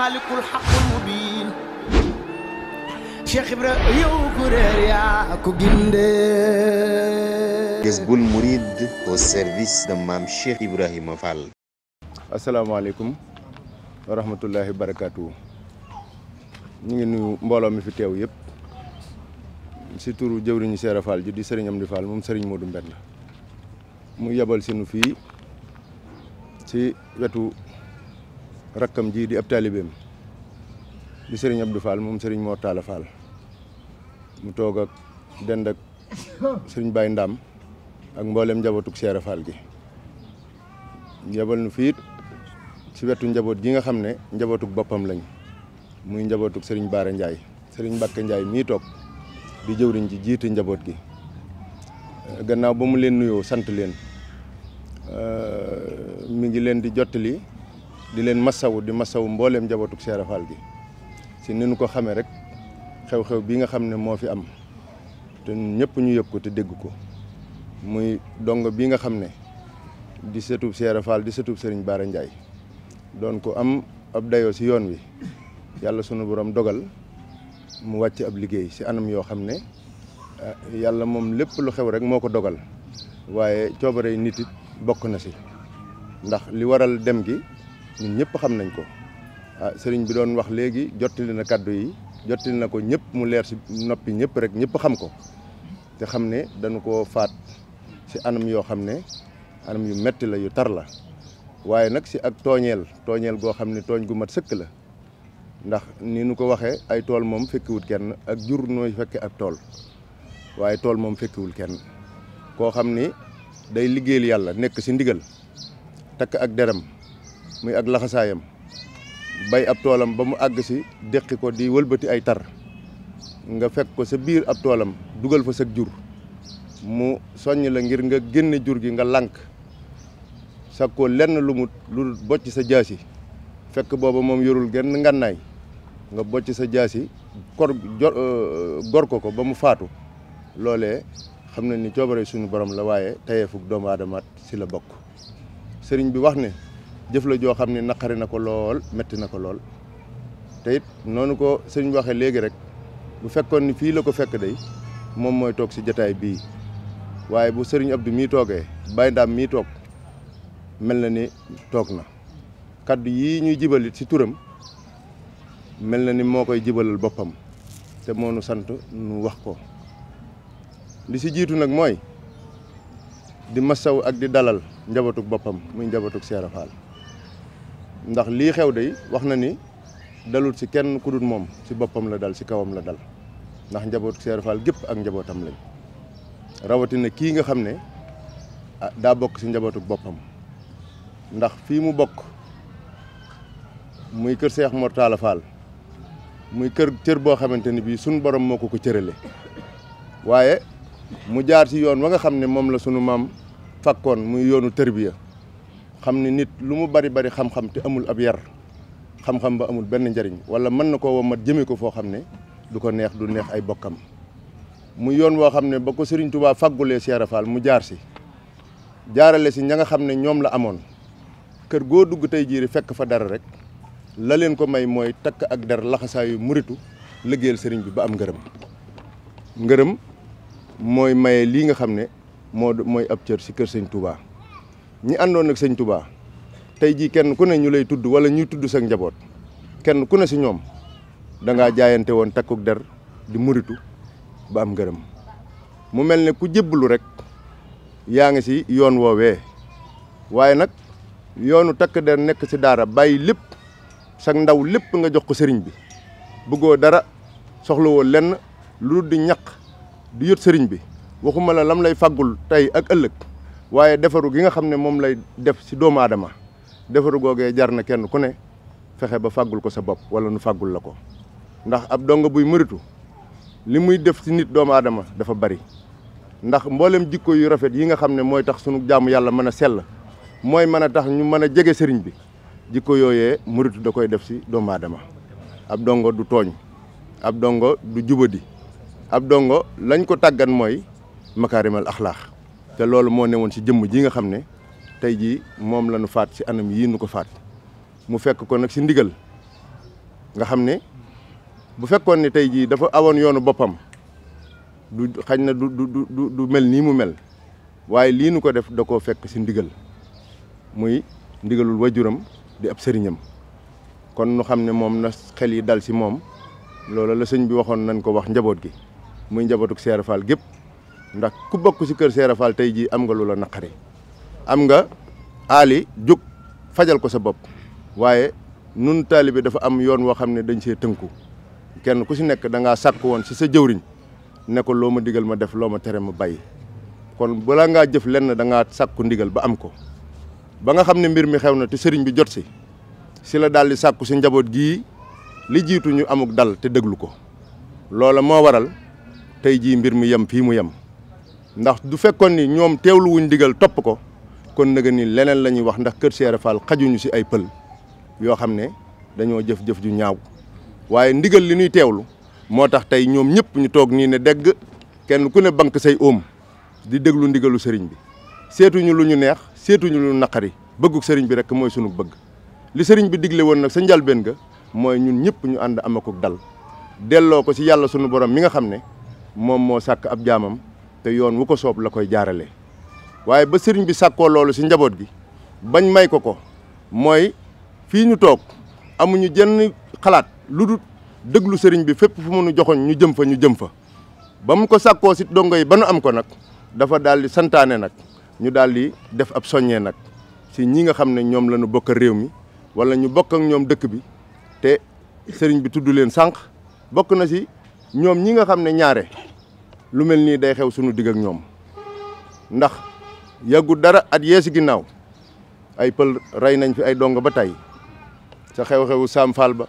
الملك الحق المبين شيخ ابراهيم yow ku réer yaa ko gindee Jazboul Mouride au service de Mame Cheikh Ibrahima Fall asalaamaaleykum wa rahmatullahi ñu ngi mi fi tew yëpp si turu jeuwriñu Seera Fall ju di Serigne Amdi Fall moom Serigne Modou Mbend mu yebal sinu fi ci wetu rakam ji di ab taalibeem di Serigne Abdou Fall mom Serigne Mor Talla Fall mu toog ak dend ak Serigne Baye Ndam ak mbollem njabootug Seere Fall gi njabalnu nu fiit ci wetu njabot gi nga xamne njabotuk bopam lañ muy njabotuk Serigne Baara ndjay Serigne Mbacke ndjay mi tok di jëwriñ ji jiite njabot gi eh, gannaaw ba mu len nuyo sant euh mi ngi len di jotali di leen masawu di masawu mbooleem njabootug Cheikh Fall gi si ni ko xamee rek xew-xew bi nga xam ne moo fi am te ñëpp ñu yëg ko te dégg ko muy dong bii nga xam ne di sëtub Cheikh Fall di sëtub Serigne Bara Ndiaye doon ko am ab dayoo si yoon wi yàlla sunu borom dogal mu wàcc ab liggéey si anam yoo xam ne eh, yàlla moom lépp lu xew rek moo ko dogal waaye coobare nit it bokk na si ndax li waral dem gi. ñun ñëpp xam nañ ko ah sëriñ bi doon wax léegi jottali na kaddu yi na ko ñëpp mu leer si noppi ñëpp rek ñëpp xam ko te xam ne dañu koo faat si anam yoo xam ne anam yu metti la yu tar la waaye nag si ak tooñeel tooñeel goo xam ne tooñ gu mat sëkk la ndax ni nu ko waxee ay tool moom fekkiwut kenn ak jur nooy fekke ak tool waaye tool moom fekkiwul kenn koo xam ni day liggéeyal yàlla nekk si ndigal takk ak deram muy ak laxasayam bay ab tolam ba mu àgg si ko di wëlbeuti ay tar nga fekk ko sa biir ab tolam dugal fa sak jur mu soñ la ngir nga genn jur gi nga lank sa ko lenn lu mut lu bocc sa jasi fekk bobu mom yorul genn ngannaay nga bocc sa jasi kor euh, gor ko ko ba mu faatu lolé xamna ni coobare suñu borom la waye tayefuk doom adamat ci la bok serigne bi wax ne jëf joo xam ne naqari na ko lool metti na ko lool te it noonu ko sëñ waxee léegi rek bu fekkoon ni fii la ko fekk day moom mooy toog si jataay bii waaye bu sëriñ Abdou mii toogee Baye Ndaam mii toog mel na ni toog na kaddu yii ñuy jibalit si turam mel na ni moo koy jibalal boppam te moo nu sant nu wax ko li si jiitu nag mooy di masaw ak di dalal njabootug boppam muy njabootug Seera Faal ndax lii xew day wax na ni dalul ci kenn ku dul moom ci boppam la dal ci kawam la dal ndax njaboot Cheikh Fall gépp ak njabootam lañ rawatina kii nga xam ne ah, daa bokk ci njabootu boppam ndax fii mu bokk muy kër seex Mor Talla Fall muy kër cër boo xamante ni bii sunu borom moo ko ko cërale waaye mu jaar ci yoon wa nga xam ne moom la sunu maam fakkoon muy yoonu tërbiya xam ne nit lu mu bari bari xam-xam te amul ab yar xam-xam ba amul benn njariñ wala mën na koo womat jëmee ko foo xam ne du ko neex du neex ay bokkam mu yoon woo xam ne ba ko Serigne Touba faggulee Cheikh Fall mu jaar si jaarale si ña nga xam ne ñoom la amoon kër goo dugg tey jiiri fekk fa dara rek la leen ko may mooy takk ak der laxasaayu muritu liggéeyal sëriñ bi ba am ngërëm ngërëm mooy maye lii nga xam ne moo mooy ab cër si kër sëñ Touba. ñi andon ak seigne Touba tay ji kenn ku ne ñu lay tudd wala ñu tudd sax njabot kenn ku ne si ñom da nga jaayante won takuk der di muritu ba am gërem mu kujib ku jeblu rek yaa ci si yoon wowe waye nak yoonu tak der nek ci dara bàyyi lepp sax ndaw lepp nga jox ko sëriñ bi bëggoo dara soxlawoo len lu di ñak di yot sëriñ bi waxuma la lam lay fagul tay ak ëlëk waaye defaru gi nga xam ne moom lay def si doomu aadama defaru googee jar na kenn ku ne fexe ba fàggul ko sa bopp wala nu fàggul la ko ndax ab dong buy mëritu li muy def si nit doomu aadama dafa bari ndax mboolem jikko yu rafet yi nga xam ne mooy tax sunu jaamu yàlla mën a sell mooy mën a tax ñu mën a jege sëriñ bi jikko yooyee muritu da koy def si doomu aadama ab dongo du tooñ ab dongo du jubadi ab dongo lañ ko tàggan mooy makaarimal axlaax te loolu mo newoon ci jëm ji nga xam tay ji mom lañu faat ci anam yi nu ko faat mu fekk ko nak ci ndigal nga xam bu fekkone tay ji dafa awon yoonu bopam du xañ na du du du du mel ni mu mel waye li nu ko def da koo fekk ci ndigal muy ndigalul wajuram di ab serignam kon nu xam mom na xel yi dal ci mom loolu la señ bi waxon nañ ko wax njabot gi muy njabotuk serfal gep ndax ku bokk si kër Seera Fall tey jii am nga lu la naqari am nga aali jóg fajal ko sa bopp waaye nun taalibe dafa am yoon woo xam ne dañ see tënku kenn ku si nekk da ngaa sàkk woon si sa jëwriñ ne ko loo ma digal ma def loo ma tere ma bay kon balaa ngaa jëf lenn da ngaa ndigal ba am ko ba nga xam ne mbir mi xew na te sëriñ bi jot si si la daal di sàkku si njaboot gii li jiitu ñu amuk dal te déglu ko loola moo waral tey jii mbir mi yem fii mu yem ndax du fekkoon ni ñoom teewlu wuñ ndigal topp ko kon nag ni leneen la ñuy wax ndax kër Cheikh Fall xajuñu si ay pël yoo xam ne dañoo jëf-jëf ju ñaaw waaye ndigal li ñuy teewlu moo tax tey ñoom ñu toog nii ne kenn ku ne bank say om, di déglu ndigalu sëriñ bi seetuñu lu ñu neex seetuñu lu naqari bëgguk sëriñ bi rek mooy sunu bëgg li sëriñ bi digle woon nag sa njalbeen ga mooy ñun ñëpp ñu ànd dal delo ko si yàlla sunu borom mi nga ne moom moo ab jaamam te yoon wu ko soob la koy jaarale waaye ba sëriñ bi sàkkoo loolu si njaboot gi bañ may ko ko mooy fii ñu toog amuñu jenn xalaat lu dul déglu sëriñ bi fépp fu mu nu joxoñ ñu jëm fa ñu jëm fa ba mu ko sàkkoo si dongo yi ba nu am ko nag dafa daal di santaane nag ñu daal def ab soññee nag si ñi nga xam ne ñoom la ñu bokk réew mi wala ñu bokk ak ñoom dëkk bi te sëriñ bi tudd leen sànq bokk na si ñoom ñi nga xam ne ñaare lu mel nii day xew sunu digg ak ñoom ndax yàggu dara at yee si ginnaaw ay pël rey nañ fi ay dongo ba tey sa xew-xewu Saam Fall ba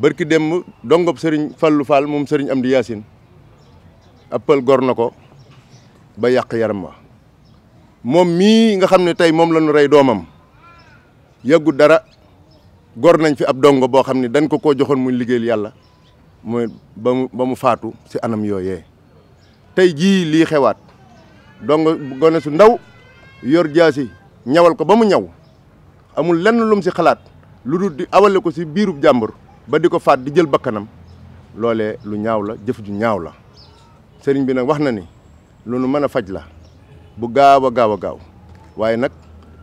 bërki démb dongob sëriñ Fallu Fall moom sëriñ am di Yaasin ab pël gor na ko ba yàq yaram wa moom mii nga xam ne tey moom la rey doomam yàggu dara gor nañ fi ab dongo boo xam ne dañ ko ko joxoon muy liggéeyal yàlla mooy ba ba mu faatu si anam yooyee tey jii lii xewaat donc gone su ndaw yor jaasi ñawal ko ba mu ñaw amul lenn lum si xalaat lu dul di awale ko si biiru jàmbur ba di ko faat di jël bakkanam loole lu ñaaw la jëf ju ñaaw la sëriñ bi nag wax na ni lu nu mën a faj la bu gaaw a gaaw a gaaw waaye nag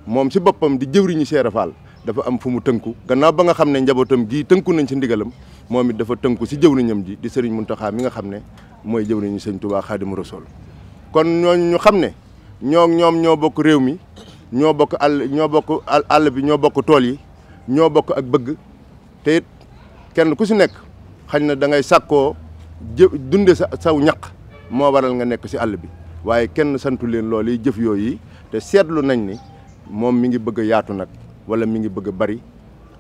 moom si boppam di jëwriñu Cheikh Fall dafa am fu mu tënku gannaaw ba nga xam ne njabootam gii tënku nañ ci ndigalam moom it dafa tënku si jëwriñam ji di Serigne Mountakha mi nga xam ne mooy jëwriñu Serigne Touba Khadimou Rassoul kon ñooñu ñu xam ne ñoo ñoom ñoo bokk réew mi ñoo bokk àll ñoo bokk àll bi ñoo bokk tool yi ñoo bokk ak bëgg te kenn ku si nekk xañ na da ngay sàkkoo jë sa saw ñaq moo waral nga nekk si àll bi waaye kenn santu leen loolu yi jëf yooyu te seetlu nañ ni moom mi ngi bëgg yaatu nag wala mi ngi bëgg a bari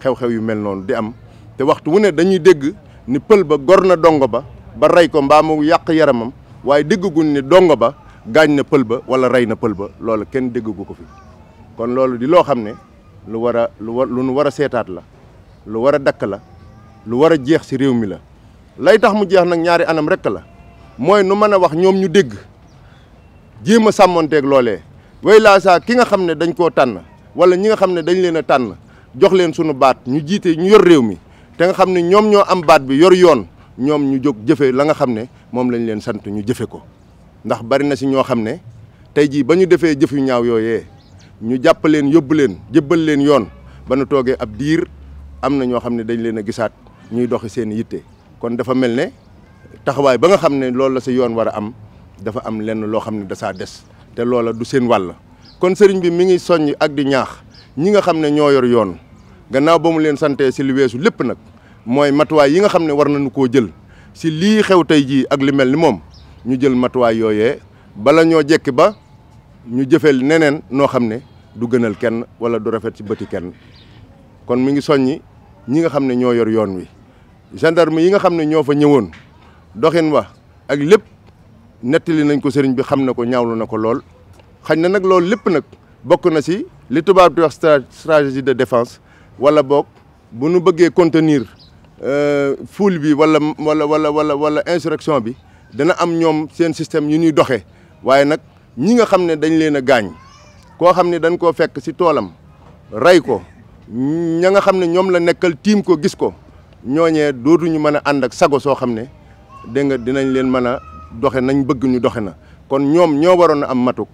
xew-xew yu mel noonu di am te waxtu wu ne dañuy dégg ni pël ba gor na dongo ba ba rey ko mbaa mu yàq yaramam waaye déggaguñ ni dongo ba gaañ na pël ba wala rey na pël ba loolu kenn déggagu ko fi kon loolu di loo xam ne lu war a lu war nu war a seetaat la lu war a dakk la lu war a jeex ci réew mi la lay tax mu jeex nag ñaari anam rekk la mooy nu mën a wax ñoom ñu dégg jéem a sàmmonteeg loolee way laa saa ki nga xam ne dañ koo tànn wala ñi nga xam ne dañ leen a tànn jox leen sunu baat ñu jiite ñu yor réew mi te nga xam ne ñoom ñoo am baat bi yor yoon ñoom ñu jóg jëfe la nga xam ne moom lañ leen sant ñu jëfe ko ndax bari na si ñoo xam ne tey jii ba ñu defee jëf yu ñaaw yooyee ñu jàpp leen yóbbu leen jëbbal leen yoon ba nu toogee ab diir am na ñoo xam ne dañ leen a gisaat ñuy doxi seen yitte kon dafa mel ne taxawaay ba nga xam ne loolu la si yoon war a am dafa am lenn loo xam ne dasaa des te loola du seen wàll kon sëriñ bi mi ngi soññ ak di ñaax ñi nga xam ne ñoo yor yoon gannaaw ba mu leen santee si li weesu lépp nag mooy matuwaay yi nga xam ne war nañu koo jël si lii xew tey jii ak li mel ni moom ñu jël matuwaay yooyee bala ñoo jekki ba ñu jëfeel neneen noo xam ne du gënal kenn wala du rafet si bati kenn kon mi ngi soññi ñi nga xam ne ñoo yor yoon wi gendarme yi nga xam ne ñoo fa ñëwoon doxin wa ak lépp nettali nañ ko sëriñ bi xam ne ko ñawlu na ko lool xagn na nak lool lepp nak bokku na ci li tubab di wax stratégie de défense wala bok bu nu bëggé contenir euh, foul bi wala wala wala wala wala insurrection bi dana am ñom seen système yu ñuy doxé waaye nak ñi nga xamné dañ leena gañ ko xamné dañ ko fekk ci tolam ray ko ña nga xamné ñom la nekkal team ko gis ko ñoñé dootu ñu mëna and ak sago so xamné ne nga dinañ leen mëna doxé nañ bëgg ñu doxé na kon ñom ño waron am matuk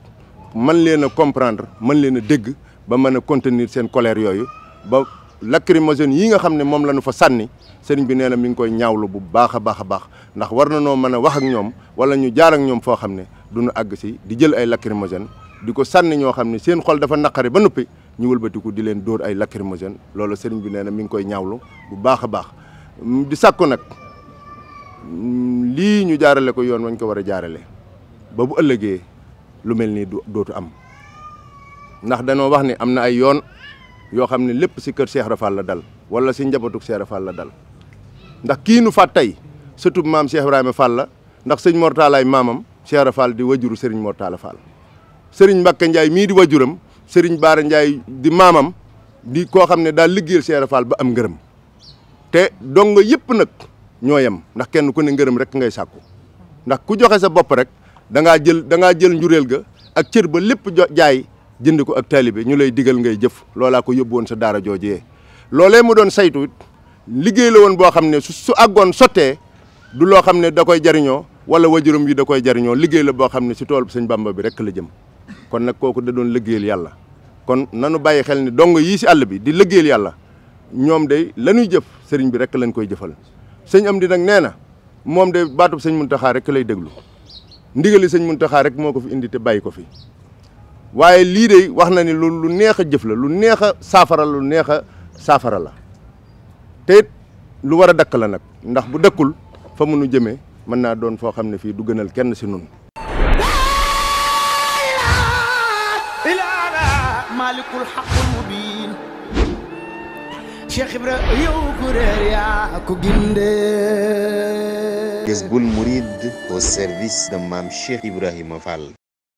man leen a comprendre mën leen a dégg ba mën a contenir seen colère yooyu ba lacrymogène yii nga xam ne moom la ñu fa sànni sëriñ bi nee na mi ngi koy ñaawlu bu baax a baax a baax ndax war na noo mën a wax ak ñoom wala ñu jaar ñoom foo xam ne du ñu àgg si di jël ay lacrymogène di ko sànni ñoo xam ne seen xol dafa naqari ba noppi ñu wëlbatiku di leen dóor ay lacrymogène loolu sëriñ bi nee na ngi koy ñaawlu bu baax a baax mm, di sàkku nag mm, lii ñu jaarale ko yoon wañ ko war a jaarale ba bu ëllëgee. lu melni ni dootu am ndax dañu wax ni am na ay yoon yo xamni lepp ci keur Cheikh Rafal la dal wala ci njabotuk Cheikh Rafal la dal ndax ki nu fàtt tey sëtub Cheikh ibrahim Fall la ndax Mortalaay mamam Cheikh Rafal di wajuru Serigne Mortala Fall Serigne Mbacke Ndiaye mi di wajuram Serigne Baara Ndiaye di mamam di ko xam da liggeel Cheikh Rafal ba am ngeureum te dong yëpp nak ñoyam ndax kenn ku ne ngeureum rek ngay sakku ndax ku joxe sa bop rek. da ngaa jël da ngaa jël njuréel ga ak cër ba lépp jaay jënd ko ak taalibe ñu lay digal ngay jëf loolaa ko yóbbu sa daara joojee loolee mu doon saytu liggéey la woon boo xam ne su su àggoon sottee du loo xam ne da koy jariñoo wala wajurum yi da koy jariñoo liggéey la boo xam ne si tool bu sëñ Bamba bi rek la jëm kon nag kooku da doon liggéeyal yàlla kon nanu bàyyi xel ne dong yii si àll bi di liggéeyal yàlla ñoom day lañuy jëf sëriñ bi rek lañ koy jëfal sëñ am di nag nee na moom de baatub sëñ Muntaxa rek lay déglu ndigali sëñ Muntaxa rek moo ko fi indi te bàyyi ko fi waaye lii de wax na ni lu lu neex a jëf la lu neex a saafara lu neex saafara la te lu war a dakk la nag ndax bu dëkkul fa mu nu jëmee mën naa doon foo xam ne fii du gënal kenn si nun malikul haqqul mubin Cheikh Ibra yow ku réer yaa ko gindee Jazboul Mouride au service de Mame Cheikh Ibrahima Fall